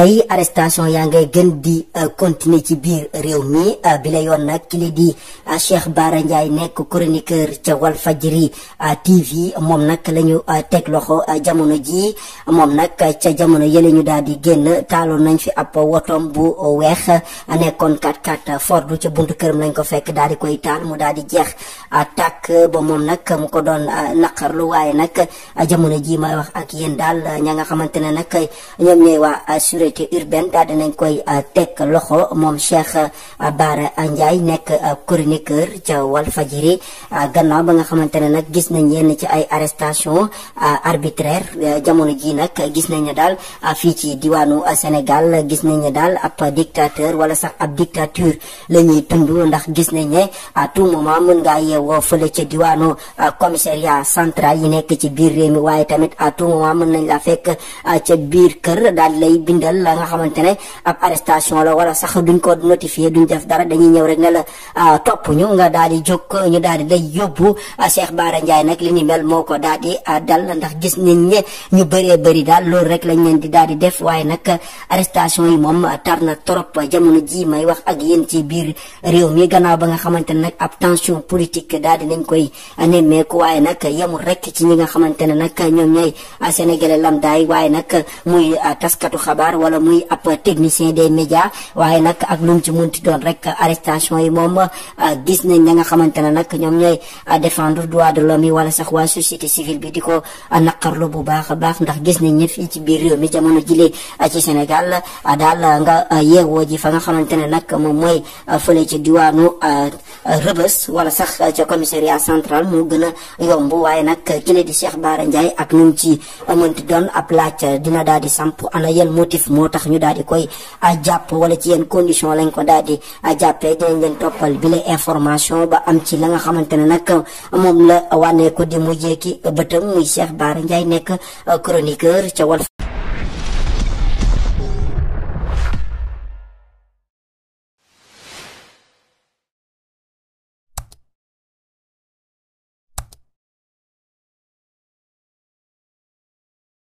tay arrestation yaa ngay gën di uh, continuer ci biir réew mi uh, bi la nak kili di uh, Cheikh Bara ndjay nekk chroniqueur wal Walfadjri TV mom nak lañu tek loxo jamono ji mom nak ci jamono yele ñu daal di génn nañ fi app wotom bu wex nekkon 4-4 Ford ci buntu kërëm lañ ko fekk daal di koy taal mu daal di jeex tak bo mom nak mu ko nakar lu waye nak jamono ji may wax ak yeen daal ña nga xamantene nak ñom wa sécurité urbaine daal dinañ koy euh, teg loxo moom Cheikh euh, Bara Ndiaye nekk euh, chroniqueur ca Walfadjri gannaaw ba nga xamante ne nag gis nañ yenn ci ay arrestation arbitraire jamono ji nag gis nañ ne daal fii ci diwaanu Sénégal gis nañ ne daal ab dictateur wala sax ab dictature la ñuy tund ndax gis nañ ne à tout moment mën ngaa yeewoo fële ca diwaanu commissariat central yi nekk ci biir réew mi waaye tamit à tout moment mën nañ la fekk ca biir kër daal lay bindal la nga xamante ab arrestation la wala sax duñ ko notifié duñ def dara dañuy ñëw rek ne la ah, topp ñu nga daal di jóg ñu daal di lay yóbbu ah, Cheikh Bara Ndiaye nag li ni mel moo ko daal di ah, dal ndax gis nañ ne ñu bëree bëri daal loolu rek la leen di daal di def waaye nag arrestation yi moom a na trop jamono ji may wax ak yéen ci biir réew mi gannaaw ba nga xamante ne nag ab tension politique da di nañ a nemmeeku waaye nag yemul rek ci ñi nga xamante ne nag ñoom ñooy sénégalais lamdaay waaye nag muy wala muy ab technicien des médias waye nak ak luñ ci munti don rek arrestation yi mom gis nañ nga xamantene eh, eh, eh, nak ñom ñoy défendre droit de l'homme wala sax wa société civile bi diko ko bu baax baax ndax gis nañ ci biir mi jamono jile ci Sénégal dal nga yéwo ji fa nga xamantene nak mom moy fele ci diwanu rëbës wala sax ci commissariat central mo gëna yombu waye nak kini disiak di Cheikh Bara Ndiaye ak num ci mënti don ap dina daal di samp ana yel motif moo tax ñu daal di koy a jàpp wala ci yenn condition lañ ko daal di jàppee dinañ leen toppal bi information ba am ci la nga xamante ne nag moom la wànnee ko di mujjee ki bëtam muy Cheikh Bara Ndiaye nekk chroniqueur ca Walf